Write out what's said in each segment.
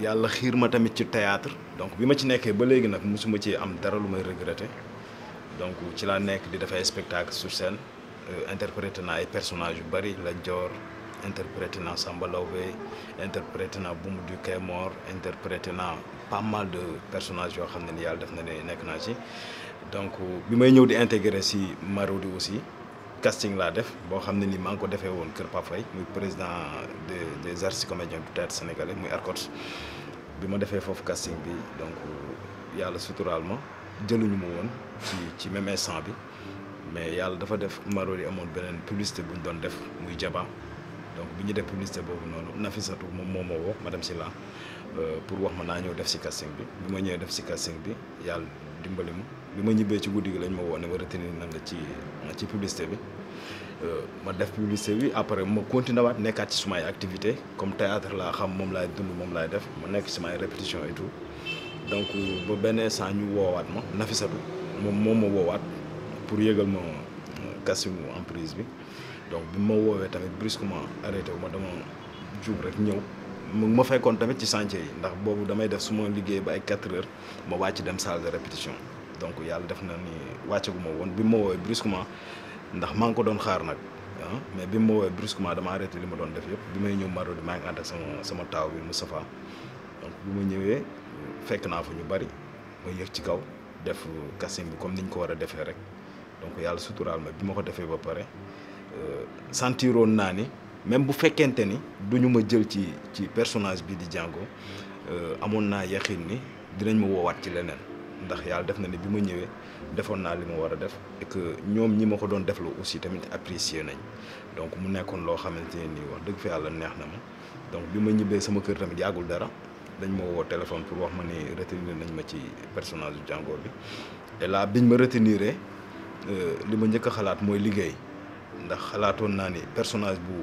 yalla xirma tamit ci théâtre donc bima ci nekkee ba légui nak musuma ci am dara lu may regretter donc ci la nek di def spectacle sur scène euh, interprété naa ay personnages yu bari la Dior interprété naa Samba Lawbe interprété du Kémor interprété na pas mal de personnages yo xamné ne ni yàlla def na né nek na ci donc bima may ñëw di intégrer si Marodi aussi casting la def bo xamné ni man ngi ko defee woon Kër Pafay muy président des des artistes comédiens du théâtre sénégalais muy ARCOT bima ma fofu casting bi donc yalla suturaal ma jëluñu ma woon ci ci même instant bi mais yalla dafa def Marodi amone benen publicité bu ñu def muy jaba donc biñu def publicité bobu noonu Nafisatu mom momo ma madame sila euh pour wax ma na ñëw def ci casting bi bima ma def ci casting bi yalla dimbali ma bi ma ci guddi gi lañ ma woo ne ma retenir na nga ci ci publicité bi. Euh, ma def publicité bi après ma continué waat nekkaat ci sumay activité comme théâtre laa xam moom laay dund moom laay def ma nekk sumay répétition et tout donc ba benn instant ñu woowaat ma Nafisatu moom moom ma woowaat pour yëgal ma castingu emprise bi donc bi ma woowee tamit brusquement arrêté wu ma dama juub rek ñëw mu ma fekkoon tamit ci chantier yi ndax boobu damay def su ma liggéey ba ay 4 heures ma wàcc dem salle de répétition donc yàlla def na ni wàccagu ma woon bi ma woowee brusquement ndax maa ngi ko doon xaar nag ah mais bi ma woowee brusquement dama arrêté li ma doon def yëpp bi may ñëw Marodi maa ngi ànd ak sama sama taaw bi Moustapha donc bi ma ñëwee fekk naa fa ñu bari ma yëg ci kaw def casting bi comme ni ñu ko war a defee rek donc yàlla suturaal ma bi ma ko defee ba pare euh, sentiroon naa ni même bu fekkente ni duñu ma jël ci ci personnage bi di Django euh, amoon naa yaqin ni dinañ ma woowaat ci leneen. ndax yàlla def na ne bi ma ñëwee defoon naa li ma war a def et que ñoom ñi ma ko doon defloo aussi tamit apprécier nañ donc mu nekkoon loo xamante ne nii wax dëgg fa yàlla neex na ma donc bi ma ñibbee sama kër tamit yàggul dara dañ ma woo téléphone pour wax ma ni retenir nañ ma ci personnage du Django bi et là biñ ma retenir euh, li ma njëkk a xalaat mooy liggéey ndax xalaatoon naa ni personnage bu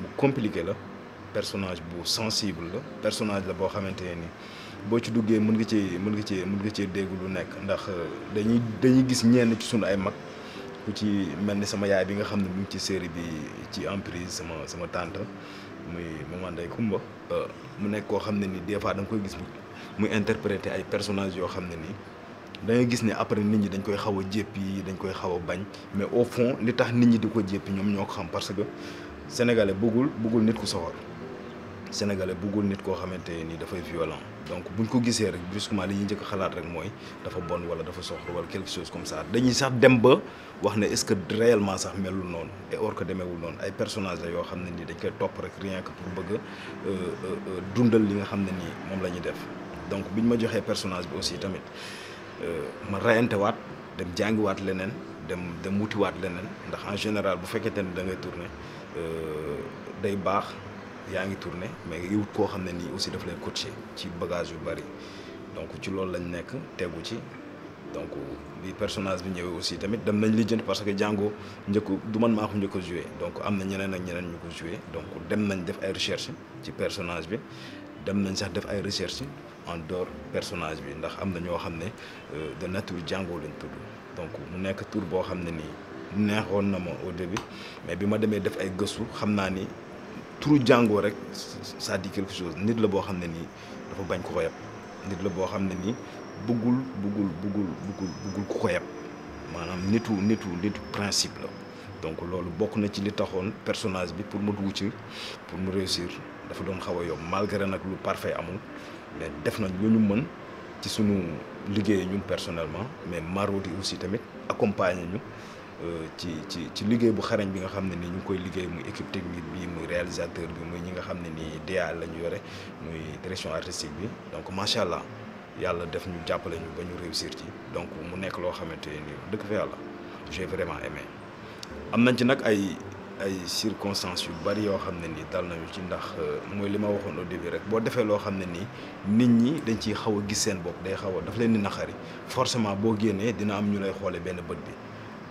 bu compliqué la personage bu sensible la personnage la boo xamante ne nii. boo ci duggee mën nga ci mën nga cee mën nga cee dégg lu nekk ndax euh, dañuy dañuy gis ñenn ci sunu ay mag ku ci mel ni sama yaay bi nga xam ne mu ngi ci série bi ci emprise sama sama tante muy maman Ndeye Kumba euh, mu nekk koo xam ne ni des fois da nga koy gis muy interpréter ay personnages yoo xam ne nii da gis ne après nit ñi dañ koy xaw a jéppi dañ koy xaw a bañ mais au fond li tax nit ñi di ko jéppi ñoom ñoo ko xam parce que sénégalais bëggul bëggul nit ku soxor sénégalais bëggul nit ko xamanté ni da fay violent donc buñ ko gissé rek brusquement li ñi jëk xalaat rek mooy dafa bon wala dafa soxor wala quelque chose comme ça dañuy sax dem ba wax né est-ce que réellement sax melul non et or que demeewul noonu ay personnages yo xamné ni dañ koy top rek rien que pour bëgg euh, euh euh dundal li nga xamné ni mom lañuy def donc buñ ma joxé personnage bi aussi tamit euh ma rayanté wat dem jàngiwaat lenen dem dem wuti wat lenen ndax en général bu fekkee ne da ngay tourner euh day baax yaangi tourner mais nga wut koo xam aussi daf lay coacher ci bagage yu bari donc ci loolu lañ nekk téggu ci donc bi personnage bi ñëwé aussi tamit dem nañ lijjanti parce que Django njëkk du man maa ko njëkk a donc amna ñeneen ak ñeneen ñuko jouer donc dem nañ def ay recherches ci personnage bi dem nañ sax def ay recherches en dehors personnage bi ndax amna ño xamné euh, de nature Django lañ tudd donc mu nekk tour bo xamné ni nii na ma au début mais bima démé def ay gëstu xamna ni. Tout Django, rek ça dit quelque chose nit la bo xamné ne dafa bañ ko nit la ne bugul pas croire. nitu nitu principe la donc lolu bokku na ci li personnage bi pour mu pour mu réussir dafa doon xawa malgré nak parfait amul mais def ñu ci personnellement mais Marodi aussi tamit accompagner ci ci ci bu xarañ bi nga xamné ni ñu ngi koy liggéey muy équipe technique bi muy réalisateur bi muy ñi nga xamné ni DA lañu yoré yore muy direction artistique bi donc machallah yalla def ñu jappalé ñu ba ñu réussir ci donc mu nekk loo xamante ni dëkk fa yalla j'ai vraiment aimé amna ci nak ay ay circonstances yu bari yo xamné ni nii dal nañu ci ndax euh, moy lima waxon waxoon au début rek bo défé lo xamné ni nit ñi dañ ci xaw a gis seen bopp day xaw daf leen di naqari forcément bo génné dina am ñu lay xoolee benn bët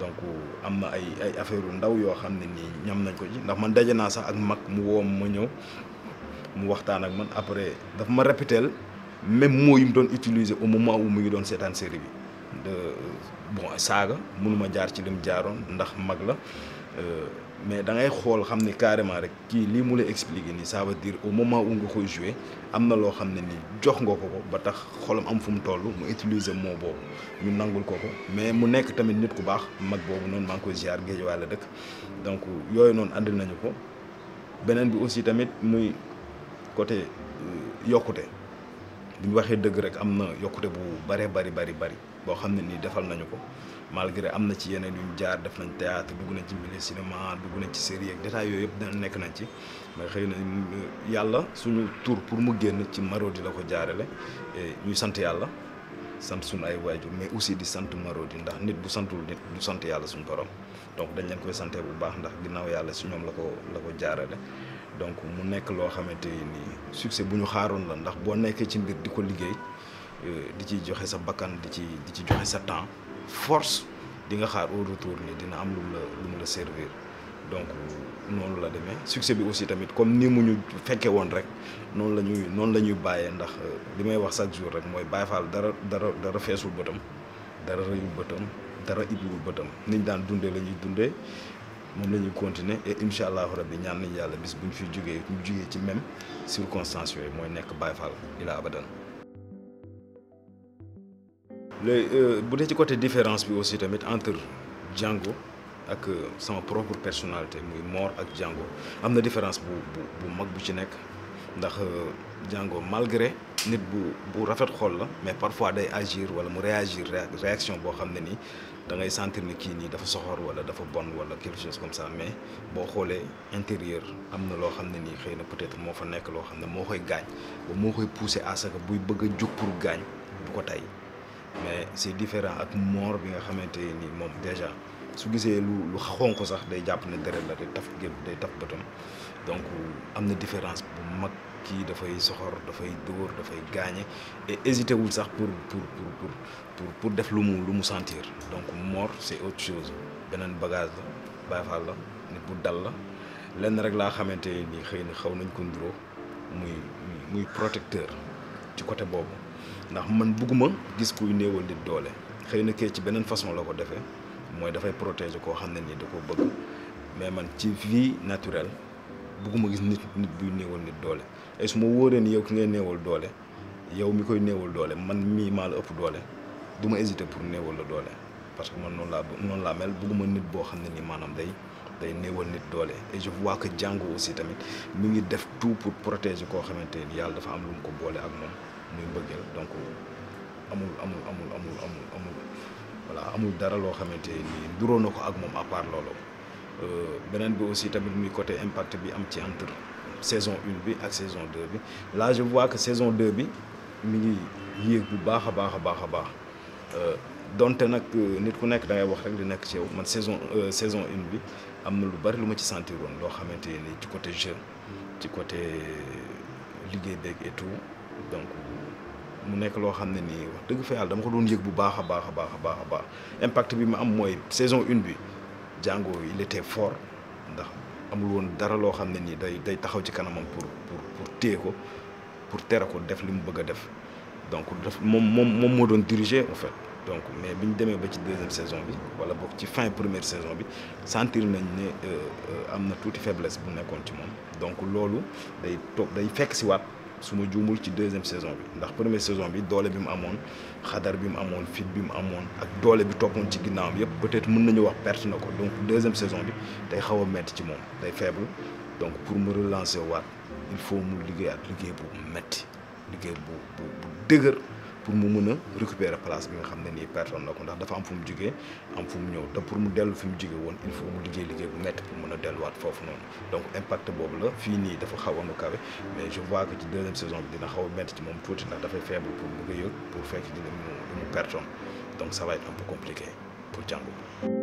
donc am na ay ay affaire yu ndaw yoo xam ne nii ñam nañ ko ci ndax man daje naa sax ak mag mu woom ma ñëw mu waxtaan ak man après dafa ma répéteel même moo yu mu doon utiliser au moment où mu ngi doon seetaan série bi bon saaga mënuma jaar ci lim jaaroon ndax mag la euh, mais da ngay xool xam ni carrément rek kii lii mu la expliqué nii ça veut dire au moment u nga koy joué am na loo xam ne nii jox nga ko ko ba tax xolam am fu mu toll mu utiliser moo boobu ñu nangul ko ko mais mu nekk tamit nit ku baax mag boobu noonu maa ngi koy ziar géej wàlla dëkk donc yooyu noonu àndil nañu ko beneen bi aussi tamit muy côté euh, yokkute bu waxee dëgg rek am na yokkute bu bare bari bari bari boo xam ne nii defal nañu ko malgré am na ci yeneen yuñ jaar def nañ théâtre dugg nañ ci milieu cinéma dugg nañ ci série ak détails yooyu yëpp da nekk nañ ci mais xëy na euh, yàlla suñu tur pour mu génn ci Marodi la ko jaarale ñuy sant yàlla sant suñu ay waajur mais aussi di sant Marodi ndax nit bu santul nit du sant yàlla suñu borom donc dañ leen koy sante bu baax ndax ginnaaw yàlla si ñoom la ko la ko jaarale donc mu nekk loo xamante ni succès bu ñu xaaroon la ndax boo nekkee ci mbir di ko liggéey euh, di ci joxe sa bakkan di ci di ci joxe sa temps force di nga xaar au retour ni dina am lu lu la servir donc noonu la demee succès bi aussi tamit comme ni muñu féké won rek noonu la ñuy noonu bayé ndax euh, li wax chaque jour rek moy Baye Fall dara dara dara feesul bëtam dara rëyul bëtam dara ibbiwul bëtam niñ ñu daan dundee la ñuy dundee moom la continuer et inshallah allahu rabi ñaan nañ yalla bis buñ fi fiy jógee ñu jógee ci même circonstance yooyu mooy nekk Baye Fall ila abadan le euh, bu dee ci côté différence bi aussi tamit entre Django ak euh, sama propre personnalité muy mort ak Django amna différence bu bu bu mag bu ci nek ndax euh, Django malgré nit bu bu rafet xol la mais parfois day agir wala mu réagir réaction bo xamné ni da ngay sentir ni ki ni dafa soxor wala dafa bon wala quelque chose comme ça mais bo xolé intérieur amna lo xamné ni xeyna peut-être moo fa nekk loo xam ne koy gaañ ba koy pousser à ce que buy bëgg juk pour gaañ bu ko tay mais c'est différent ak moor bi nga xamante nii moom déjà su gisee lu lu xonq sax day jàpp ne deret la day taf génn day taf bëtam donc am na différence bu mag kii dafay soxor dafay dóor dafay gaañe et hésité wul sax pour pour pour pour pour def lu mu lu mu sentir donc moor c'est autre chose beneen bagage la Baay Faal la nit bu dal la lenn rek laa xamante nii xëy na xaw nañ ko nduróo muy muy protecteur ci côté boobu ndax man bugguma gis kuy néewal nit doole xëy na kii ci beneen façon la ko defee mooy dafay protéger koo xam ne nii du ko bëgg mais man ci vie naturelle bugguma gis nit nit buy néewal nit doole et su ma wóoree ni yow ki ngay néewal doole yow mi koy néewal doole man mii maa la ëpp doole du ma hésiter pour néewal la doole parce que man noonu laa noonu laa mel bëgguma nit boo xam ni manam day day néewal nit doole et je vois que Django aussi tamit mi ngi def tout pour protéger koo xamante ni yàlla dafa am lu mu ko boole ak moom muy mbëggeel donc amul amul amul amul amul amul voilà amul dara loo xamante ni nduróo na ko ak moom à part loolu euh, benen bi aussi tamit mi côté impact bi am ci entre saison 1 bi ak saison 2 bi là je vois que saison 2 bi mi ngi yegg bu baax a baax a baax a euh, donte nak euh, nit da ngay wax rek euh, saison une bi amna lu bari luma ci ci côté jeu ci côté euh, et tout donc mu wax fa dama ko impact saison une bi Django il était fort ndax amul dara pour pour pour ko pour ko def donc diriger en fait donc mais bi démé ba ci deuxième saison bi wala boog ci fin première saison bi sentir nañ né euh, euh amna touti faiblesse bu nekkoon ci mom donc lolu day top day fekk ci wat suma djumul ci deuxième saison bi ndax première saison bi doole bi mu amoon xadar bi mu fit bi mu amoon ak doole bi toppoon ci ginnaawam yépp peut-être mën nañu wax perte ko donc deuxième saison bi day xawa metti ci mom day faible donc pour me relancer wat il faut mu liggéeyaat liggéey bu metti liggéey bu bu bu dëgër pour mu mën récupérer place bi nga xamné ni personne na ndax dafa am fu mu jugee am fu mu ñëw te pour mu dellu fi mu jugee woon il faut mu liggéey liggéey bu métti pour mën a wat fofu non donc impact bobu la fi ni dafa xaw a kawe mais je vois que ci deuxième saison bi dina xaw a ci mom tuuti ndax dafay faible pour bëgg a pour fekk dina mu personne donc ça va être un peu compliqué pour Django.